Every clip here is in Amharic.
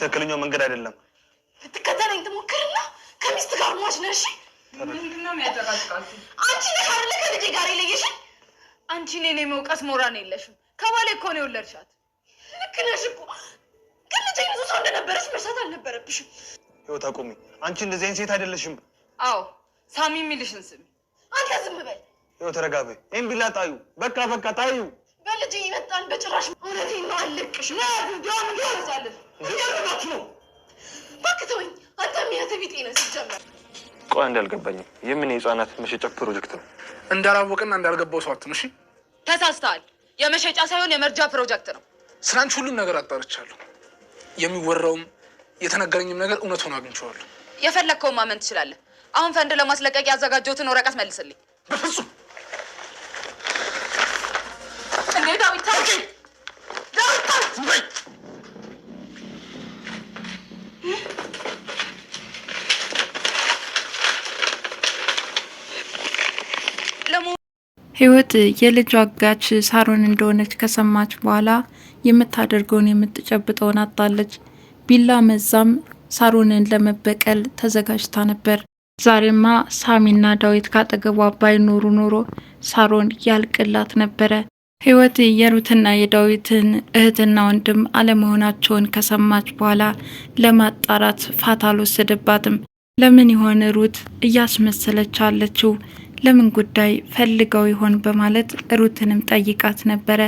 ትክክለኛው መንገድ አይደለም። ልትከተለኝ ትሞክርና ከሚስት ጋር ሟች ነሽ። ምንድነው የሚያጠቃጥቃችሁ? አንቺ ነሽ አይደለ ከልጄ ጋር የለየሽን። አንቺ እኔን የመውቀስ ሞራን የለሽም። ከባሌ እኮ ነው የወለድሻት። ልክ ነሽ እኮ ግን ልጄ ሰው እንደነበረች መርሳት አልነበረብሽም። ህይወት አቁሚ። አንቺ እንደዚህ አይነት ሴት አይደለሽም። አዎ ሳሚ የሚልሽን ስሚ። አንተ ዝም በል። ህይወት ተረጋቢ። ይህን ቢላ ጣዩ። በቃ በቃ ጣዩ። በልጄ ይመጣል። በጭራሽ እውነቴን ነው። አልቅሽ ነ ዲሆን ዲሆን ዛለፍ እያደረጋችሁ ነው። እባክህ ተወኝ። አንተ የሚያተ ቢጤ ነህ ሲጀመር። ቆይ አንድ ያልገባኝም የምን የህፃናት መሸጫ ፕሮጀክት ነው? እንዳላወቅና እንዳልገባው ሰው አትምሽ። ተሳስተሃል። የመሸጫ ሳይሆን የመርጃ ፕሮጀክት ነው። ስራንች ሁሉም ነገር አጣርቻለሁ። የሚወራውም የተነገረኝም ነገር እውነት ሆኖ አግኝቼዋለሁ። የፈለግከውን ማመን ትችላለህ። አሁን ፈንድ ለማስለቀቅ ያዘጋጀሁትን ወረቀት መልስልኝ። በፍጹም ህይወት የልጇ አጋች ሳሮን እንደሆነች ከሰማች በኋላ የምታደርገውን የምትጨብጠውን አጣለች። ቢላ መዛም ሳሮንን ለመበቀል ተዘጋጅታ ነበር። ዛሬማ ሳሚና ዳዊት ካጠገቧ ባይኖሩ ኖሮ ሳሮን ያልቅላት ነበረ። ህይወት የሩትና የዳዊትን እህትና ወንድም አለመሆናቸውን ከሰማች በኋላ ለማጣራት ፋታ አልወሰደባትም። ለምን የሆነ ሩት እያስመሰለች አለችው? ለምን ጉዳይ ፈልገው ይሆን በማለት ሩትንም ጠይቃት ነበረ።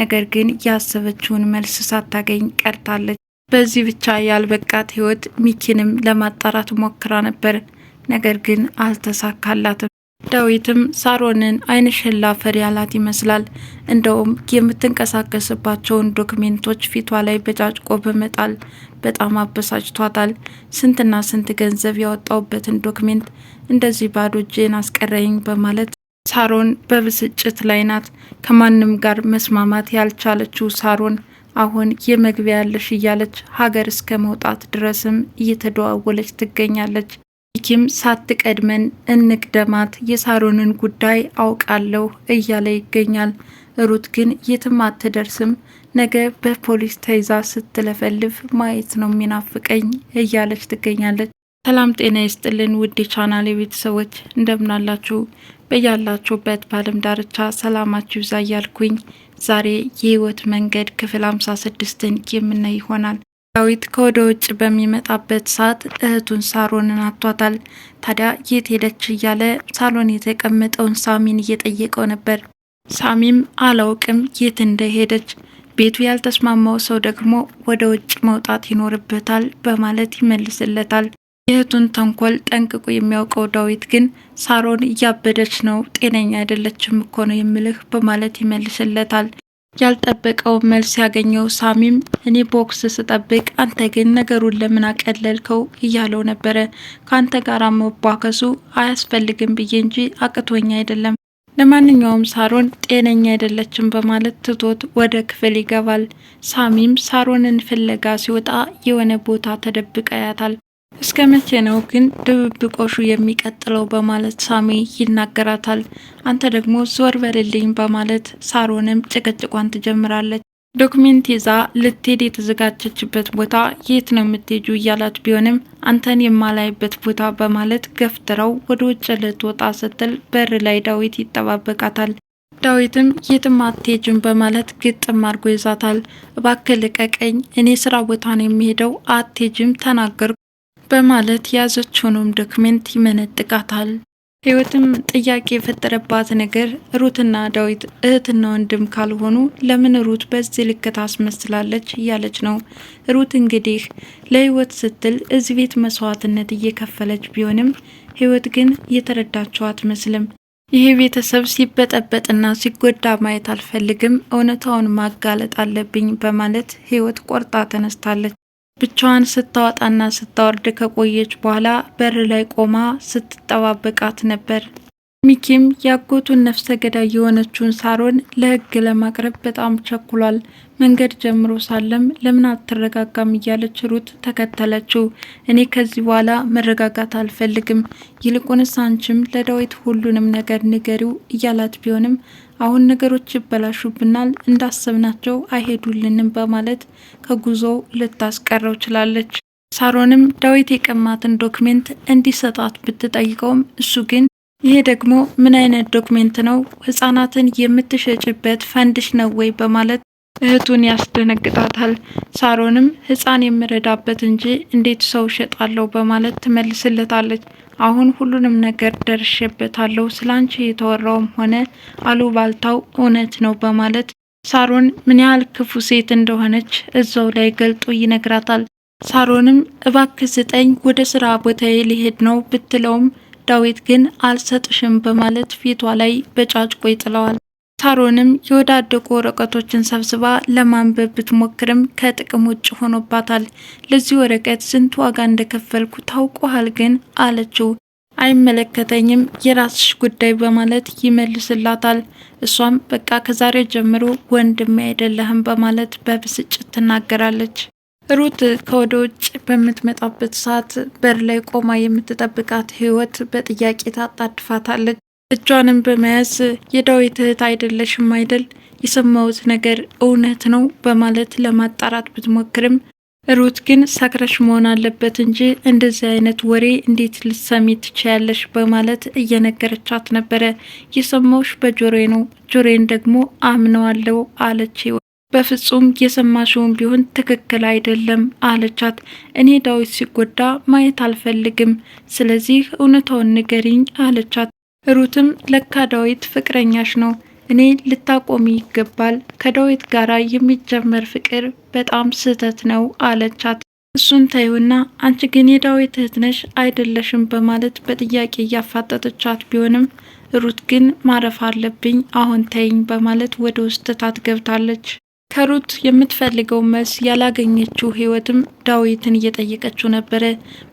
ነገር ግን ያሰበችውን መልስ ሳታገኝ ቀርታለች። በዚህ ብቻ ያልበቃት ህይወት ሚኪንም ለማጣራት ሞክራ ነበር። ነገር ግን አልተሳካላትም። ዳዊትም ሳሮንን አይንሽላ ላፈር ያላት ይመስላል። እንደውም የምትንቀሳቀስባቸውን ዶክሜንቶች ፊቷ ላይ በጫጭቆ በመጣል በጣም አበሳጭቷታል። ስንትና ስንት ገንዘብ ያወጣውበትን ዶክሜንት እንደዚህ ባዶ እጄን አስቀረኝ በማለት ሳሮን በብስጭት ላይ ናት። ከማንም ጋር መስማማት ያልቻለችው ሳሮን አሁን የመግቢያ ያለሽ እያለች ሀገር እስከ መውጣት ድረስም እየተደዋወለች ትገኛለች። ይኪም ሳትቀድመን እንቅደማት፣ የሳሮንን ጉዳይ አውቃለሁ እያለ ይገኛል። ሩት ግን የትም አትደርስም፣ ነገ በፖሊስ ተይዛ ስትለፈልፍ ማየት ነው የሚናፍቀኝ እያለች ትገኛለች። ሰላም ጤና ይስጥልን ውድ የቻናሌ ቤተሰቦች እንደምናላችሁ፣ በያላችሁበት በዓለም ዳርቻ ሰላማችሁ ይብዛ እያልኩኝ ዛሬ የህይወት መንገድ ክፍል ሃምሳ ስድስትን የምናይ ይሆናል። ዳዊት ከወደ ውጭ በሚመጣበት ሰዓት እህቱን ሳሮንን አቷታል። ታዲያ የት ሄደች እያለ ሳሎን የተቀመጠውን ሳሚን እየጠየቀው ነበር። ሳሚም አላውቅም የት እንደሄደች፣ ቤቱ ያልተስማማው ሰው ደግሞ ወደ ውጭ መውጣት ይኖርበታል በማለት ይመልስለታል። የእህቱን ተንኮል ጠንቅቆ የሚያውቀው ዳዊት ግን ሳሮን እያበደች ነው፣ ጤነኛ አይደለችም እኮ ነው የምልህ በማለት ይመልስለታል። ያልጠበቀው መልስ ያገኘው ሳሚም እኔ ቦክስ ስጠብቅ አንተ ግን ነገሩን ለምን አቀለልከው እያለው ነበረ። ከአንተ ጋር መቧከሱ አያስፈልግም ብዬ እንጂ አቅቶኝ አይደለም። ለማንኛውም ሳሮን ጤነኛ አይደለችም በማለት ትቶት ወደ ክፍል ይገባል። ሳሚም ሳሮንን ፍለጋ ሲወጣ የሆነ ቦታ ተደብቃ ያታል። እስከ መቼ ነው ግን ድብብቆሹ የሚቀጥለው? በማለት ሳሚ ይናገራታል። አንተ ደግሞ ዞር በልልኝ በማለት ሳሮንም ጭቅጭቋን ትጀምራለች። ዶክሜንት ይዛ ልትሄድ የተዘጋጀችበት ቦታ የት ነው የምትሄጁ እያላት ቢሆንም አንተን የማላይበት ቦታ በማለት ገፍትረው ወደ ውጭ ልትወጣ ስትል በር ላይ ዳዊት ይጠባበቃታል። ዳዊትም የትም አትሄጅም በማለት ግጥም አድርጎ ይዛታል። እባክህ ልቀቀኝ፣ እኔ ስራ ቦታ ነው የሚሄደው፣ አትሄጅም ተናገርኩ በማለት የያዘችውንም ዶክሜንት ይመነጥቃታል። ህይወትም ጥያቄ የፈጠረባት ነገር ሩትና ዳዊት እህትና ወንድም ካልሆኑ ለምን ሩት በዚህ ልክ ታስመስላለች እያለች ነው። ሩት እንግዲህ ለህይወት ስትል እዚህ ቤት መስዋዕትነት እየከፈለች ቢሆንም ህይወት ግን እየተረዳችው አትመስልም። ይሄ ቤተሰብ ሲበጠበጥና ሲጎዳ ማየት አልፈልግም፣ እውነታውን ማጋለጥ አለብኝ በማለት ህይወት ቆርጣ ተነስታለች። ብቻዋን ስታወጣና ስታወርድ ከቆየች በኋላ በር ላይ ቆማ ስትጠባበቃት ነበር። ሚኪም ያጎቱን ነፍሰ ገዳይ የሆነችውን ሳሮን ለህግ ለማቅረብ በጣም ቸኩሏል። መንገድ ጀምሮ ሳለም ለምን አትረጋጋም እያለች ሩት ተከተለችው። እኔ ከዚህ በኋላ መረጋጋት አልፈልግም፣ ይልቁንስ አንቺም ለዳዊት ሁሉንም ነገር ንገሪው እያላት ቢሆንም አሁን ነገሮች ይበላሹብናል፣ እንዳሰብናቸው አይሄዱልንም በማለት ከጉዞ ልታስቀረው ችላለች። ሳሮንም ዳዊት የቀማትን ዶክሜንት እንዲሰጣት ብትጠይቀውም እሱ ግን ይሄ ደግሞ ምን አይነት ዶክሜንት ነው? ህጻናትን የምትሸጭበት ፈንድሽ ነው ወይ? በማለት እህቱን ያስደነግጣታል። ሳሮንም ህፃን የምረዳበት እንጂ እንዴት ሰው እሸጣለሁ በማለት ትመልስለታለች። አሁን ሁሉንም ነገር ደርሼበታለሁ፣ ስላንቺ የተወራውም ሆነ አሉባልታው እውነት ነው በማለት ሳሮን ምን ያህል ክፉ ሴት እንደሆነች እዛው ላይ ገልጦ ይነግራታል። ሳሮንም እባክህ ስጠኝ፣ ወደ ስራ ቦታዬ ሊሄድ ነው ብትለውም ዳዊት ግን አልሰጥሽም በማለት ፊቷ ላይ በጫጭቆ ይጥለዋል። ታሮንም የወዳደቁ ወረቀቶችን ሰብስባ ለማንበብ ብትሞክርም ከጥቅም ውጭ ሆኖባታል። ለዚህ ወረቀት ስንት ዋጋ እንደከፈልኩ ታውቀሃል ግን አለችው። አይመለከተኝም፣ የራስሽ ጉዳይ በማለት ይመልስላታል። እሷም በቃ ከዛሬ ጀምሮ ወንድሜ አይደለህም በማለት በብስጭት ትናገራለች። ሩት ከወደ ውጭ በምትመጣበት ሰዓት በር ላይ ቆማ የምትጠብቃት ህይወት በጥያቄ ታጣድፋታለች። እጇንም በመያዝ የዳዊት እህት አይደለሽም አይደል? የሰማሁት ነገር እውነት ነው በማለት ለማጣራት ብትሞክርም ሩት ግን ሰክረሽ መሆን አለበት እንጂ እንደዚህ አይነት ወሬ እንዴት ልትሰሚ ትችያለሽ? በማለት እየነገረቻት ነበረ። የሰማሁሽ በጆሬ ነው፣ ጆሬን ደግሞ አምነዋለሁ አለች። በፍጹም የሰማሽውን ቢሆን ትክክል አይደለም አለቻት። እኔ ዳዊት ሲጎዳ ማየት አልፈልግም፣ ስለዚህ እውነታውን ንገሪኝ አለቻት። ሩትም ለካ ዳዊት ፍቅረኛሽ ነው፣ እኔ ልታቆሚ ይገባል፣ ከዳዊት ጋር የሚጀመር ፍቅር በጣም ስህተት ነው አለቻት። እሱን ተይውና አንቺ ግን የዳዊት እህት ነሽ አይደለሽም በማለት በጥያቄ እያፋጠጠቻት ቢሆንም ሩት ግን ማረፍ አለብኝ አሁን ተይኝ በማለት ወደ ውስጥ ታት ከሩት የምትፈልገው መልስ ያላገኘችው ህይወትም ዳዊትን እየጠየቀችው ነበረ።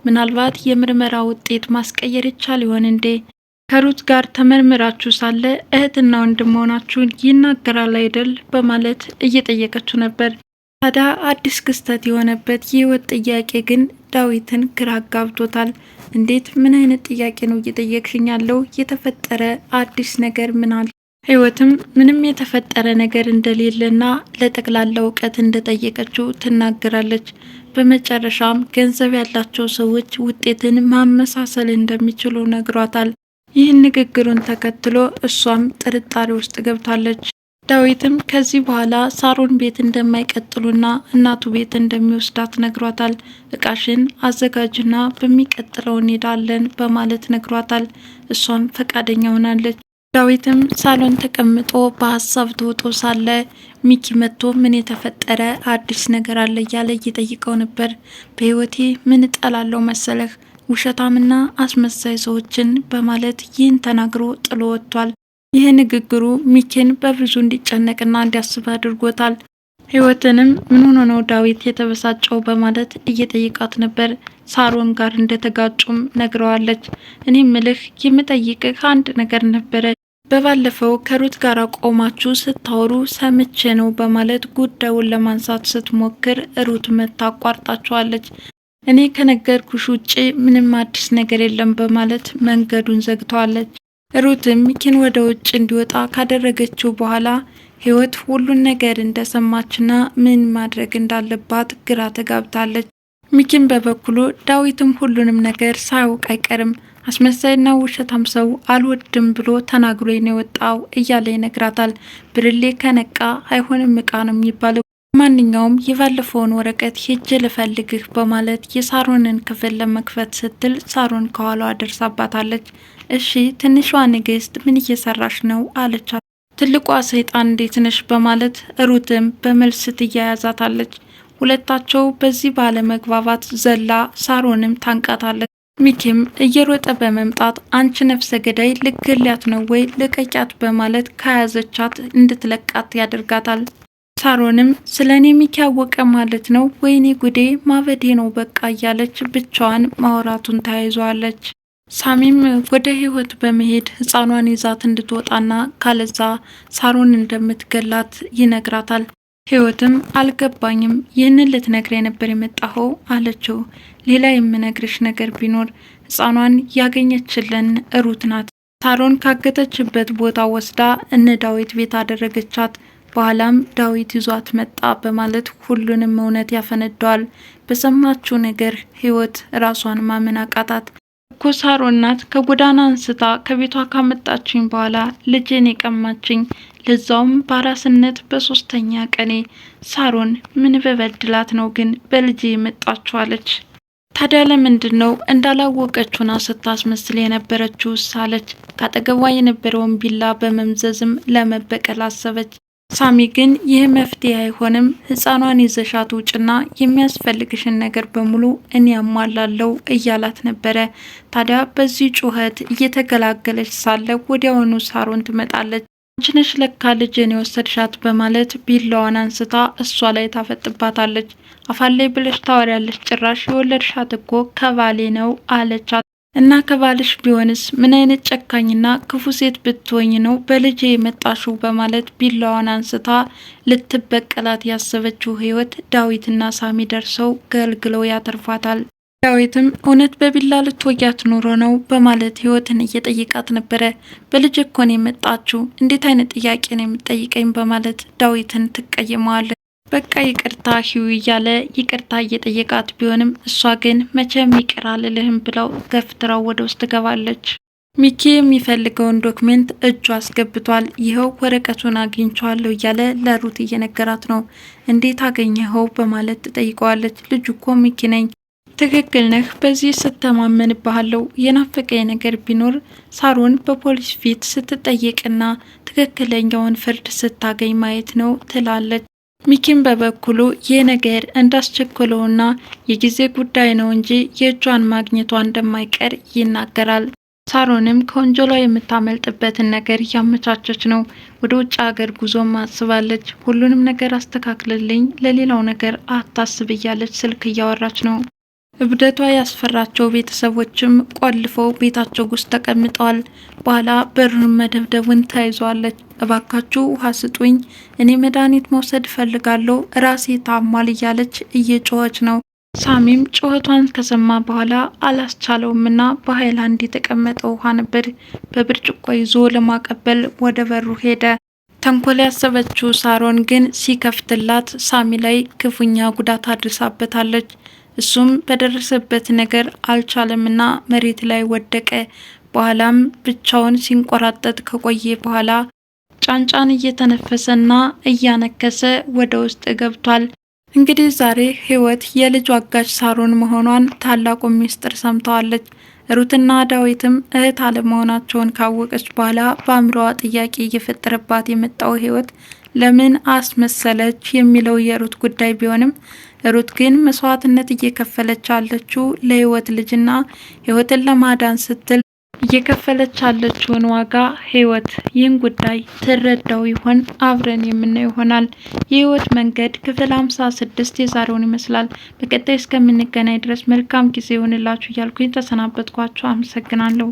ምናልባት የምርመራ ውጤት ማስቀየር ይቻል ይሆን እንዴ? ከሩት ጋር ተመርምራችሁ ሳለ እህትና ወንድም መሆናችሁን ይናገራል አይደል? በማለት እየጠየቀችው ነበር። ታዲያ አዲስ ክስተት የሆነበት የህይወት ጥያቄ ግን ዳዊትን ግራ አጋብቶታል። እንዴት ምን አይነት ጥያቄ ነው እየጠየቅሽኝ ያለው? የተፈጠረ አዲስ ነገር ምን አለ? ህይወትም ምንም የተፈጠረ ነገር እንደሌለና ለጠቅላላ እውቀት እንደጠየቀችው ትናገራለች። በመጨረሻም ገንዘብ ያላቸው ሰዎች ውጤትን ማመሳሰል እንደሚችሉ ነግሯታል። ይህን ንግግሩን ተከትሎ እሷም ጥርጣሬ ውስጥ ገብታለች። ዳዊትም ከዚህ በኋላ ሳሮን ቤት እንደማይቀጥሉና እናቱ ቤት እንደሚወስዳት ነግሯታል። እቃሽን አዘጋጅና በሚቀጥለው እንሄዳለን በማለት ነግሯታል። እሷም ፈቃደኛ ሆናለች። ዳዊትም ሳሎን ተቀምጦ በሀሳብ ተውጦ ሳለ ሚኪ መጥቶ ምን የተፈጠረ አዲስ ነገር አለ እያለ እየጠይቀው ነበር። በህይወቴ ምን እጠላለሁ መሰለህ ውሸታምና አስመሳይ ሰዎችን በማለት ይህን ተናግሮ ጥሎ ወጥቷል። ይህ ንግግሩ ሚኬን በብዙ እንዲጨነቅና እንዲያስብ አድርጎታል። ህይወትንም ምን ሆኖ ነው ዳዊት የተበሳጨው በማለት እየጠየቃት ነበር። ሳሮን ጋር እንደተጋጩም ነግረዋለች። እኔ ምልህ የምጠይቅህ አንድ ነገር ነበረ። በባለፈው ከሩት ጋር ቆማችሁ ስታወሩ ሰምቼ ነው በማለት ጉዳዩን ለማንሳት ስትሞክር ሩት መታቋርጣችኋለች። እኔ ከነገርኩሽ ውጭ ምንም አዲስ ነገር የለም በማለት መንገዱን ዘግተዋለች። ሩትም ሚኪን ወደ ውጭ እንዲወጣ ካደረገችው በኋላ ህይወት ሁሉን ነገር እንደሰማችና ምን ማድረግ እንዳለባት ግራ ተጋብታለች። ሚኪን በበኩሉ ዳዊትም ሁሉንም ነገር ሳያውቅ አይቀርም አስመሳይና ውሸታም ሰው አልወድም ብሎ ተናግሮ ነው የወጣው እያለ ይነግራታል። ብርሌ ከነቃ አይሆንም እቃ ነው የሚባለው። ማንኛውም የባለፈውን ወረቀት ሄጄ ልፈልግህ በማለት የሳሮንን ክፍል ለመክፈት ስትል ሳሮን ከኋላዋ ደርሳባታለች። እሺ ትንሿ ንግስት ምን እየሰራሽ ነው አለቻት። ትልቋ ሰይጣን እንዴት ነሽ በማለት ሩትም በመልስ ትያያዛታለች። ሁለታቸው በዚህ ባለመግባባት ዘላ ሳሮንም ታንቃታለች። ሚኪም እየሮጠ በመምጣት አንቺ ነፍሰ ገዳይ ልገሊያት ነው ወይ ልቀቂያት በማለት ከያዘቻት እንድትለቃት ያደርጋታል። ሳሮንም ስለ እኔ የሚያወቀ ማለት ነው ወይኔ ጉዴ ማበዴ ነው በቃ እያለች ብቻዋን ማውራቱን ተያይዘዋለች። ሳሚም ወደ ህይወት በመሄድ ህፃኗን ይዛት እንድትወጣና ካለዛ ሳሮን እንደምትገላት ይነግራታል። ህይወትም አልገባኝም፣ ይህንን ልትነግረኝ ነበር የመጣኸው አለችው። ሌላ የምነግርሽ ነገር ቢኖር ህፃኗን ያገኘችልን ሩት ናት። ሳሮን ካገተችበት ቦታ ወስዳ እነ ዳዊት ቤት አደረገቻት። በኋላም ዳዊት ይዟት መጣ በማለት ሁሉንም እውነት ያፈነደዋል። በሰማችው ነገር ህይወት ራሷን ማመን አቃታት። እኮ ሳሮ እናት ከጎዳና አንስታ ከቤቷ ካመጣችኝ በኋላ ልጄን የቀማችኝ፣ ለዛውም በአራስነት በሶስተኛ ቀኔ። ሳሮን ምን በበድላት ነው ግን በልጄ የመጣችኋለች? ታዲያ ለምንድን ነው እንዳላወቀችውና ስታስመስል የነበረችው? ሳለች ካጠገቧ የነበረውን ቢላ በመምዘዝም ለመበቀል አሰበች። ሳሚ ግን ይህ መፍትሄ አይሆንም፣ ህፃኗን ይዘሻት ውጭና የሚያስፈልግሽን ነገር በሙሉ እኔ ያሟላለው እያላት ነበረ። ታዲያ በዚህ ጩኸት እየተገላገለች ሳለ ወዲያውኑ ሳሮን ትመጣለች። አንቺ ለካ ልጅን የወሰድሻት በማለት ቢላዋን አንስታ እሷ ላይ ታፈጥባታለች። አፋላይ ብለሽ ታወሪያለሽ፣ ጭራሽ የወለድሻት እኮ ከባሌ ነው አለቻት። እና ከባልሽ ቢሆንስ ምን አይነት ጨካኝና ክፉ ሴት ብትሆኝ ነው በልጄ የመጣሽው በማለት ቢላዋን አንስታ ልትበቀላት ያሰበችው ህይወት ዳዊትና ሳሚ ደርሰው ገልግለው ያተርፏታል። ዳዊትም እውነት በቢላ ልትወጊያት ኑሮ ነው በማለት ህይወትን እየጠየቃት ነበረ። በልጅ እኮን የመጣችው እንዴት አይነት ጥያቄ ነው የምጠይቀኝ በማለት ዳዊትን ትቀይመዋለች። በቃ ይቅርታ ሂው እያለ ይቅርታ እየጠየቃት ቢሆንም እሷ ግን መቼም ይቅር አልልህም ብለው ገፍትራው ወደ ውስጥ ትገባለች። ሚኪ የሚፈልገውን ዶክሜንት እጁ አስገብቷል። ይኸው ወረቀቱን አግኝቸዋለሁ እያለ ለሩት እየነገራት ነው። እንዴት አገኘኸው በማለት ትጠይቀዋለች። ልጁ እኮ ሚኪ ነኝ። ትክክል ነህ፣ በዚህ ስተማመንብሃለሁ። የናፈቀኝ ነገር ቢኖር ሳሮን በፖሊስ ፊት ስትጠየቅና ትክክለኛውን ፍርድ ስታገኝ ማየት ነው ትላለች። ሚኪም በበኩሉ ይህ ነገር እንዳስቸኮለውና የጊዜ ጉዳይ ነው እንጂ የእጇን ማግኘቷ እንደማይቀር ይናገራል። ሳሮንም ከወንጀሏ የምታመልጥበትን ነገር እያመቻቸች ነው። ወደ ውጭ ሀገር ጉዞም አስባለች። ሁሉንም ነገር አስተካክልልኝ፣ ለሌላው ነገር አታስብ እያለች ስልክ እያወራች ነው። እብደቷ ያስፈራቸው ቤተሰቦችም ቆልፈው ቤታቸው ውስጥ ተቀምጠዋል። በኋላ በሩን መደብደቡን ተያይዘዋለች። እባካችሁ ውሃ ስጡኝ፣ እኔ መድኃኒት መውሰድ እፈልጋለሁ፣ ራሴ ታሟል እያለች እየጮኸች ነው። ሳሚም ጩኸቷን ከሰማ በኋላ አላስቻለውምና በሀይላንድ የተቀመጠ ውሃ ነበር በብርጭቆ ይዞ ለማቀበል ወደ በሩ ሄደ። ተንኮል ያሰበችው ሳሮን ግን ሲከፍትላት ሳሚ ላይ ክፉኛ ጉዳት አድርሳበታለች። እሱም በደረሰበት ነገር አልቻለምና መሬት ላይ ወደቀ። በኋላም ብቻውን ሲንቆራጠጥ ከቆየ በኋላ ጫንጫን እየተነፈሰና እያነከሰ ወደ ውስጥ ገብቷል። እንግዲህ ዛሬ ህይወት የልጁ አጋች ሳሮን መሆኗን ታላቁ ሚስጥር ሰምተዋለች። ሩትና ዳዊትም እህት አለመሆናቸውን ካወቀች በኋላ በአእምሮዋ ጥያቄ እየፈጠረባት የመጣው ህይወት ለምን አስመሰለች የሚለው የሩት ጉዳይ ቢሆንም ሩት ግን መስዋዕትነት እየከፈለች ያለችው ለህይወት ልጅና ህይወትን ለማዳን ስትል እየከፈለች ያለችውን ዋጋ ህይወት ይህን ጉዳይ ትረዳው ይሆን? አብረን የምናየው ይሆናል። የህይወት መንገድ ክፍል ሃምሳ ስድስት የዛሬውን ይመስላል። በቀጣይ እስከምንገናኝ ድረስ መልካም ጊዜ ይሆንላችሁ እያልኩኝ ተሰናበትኳችሁ። አመሰግናለሁ።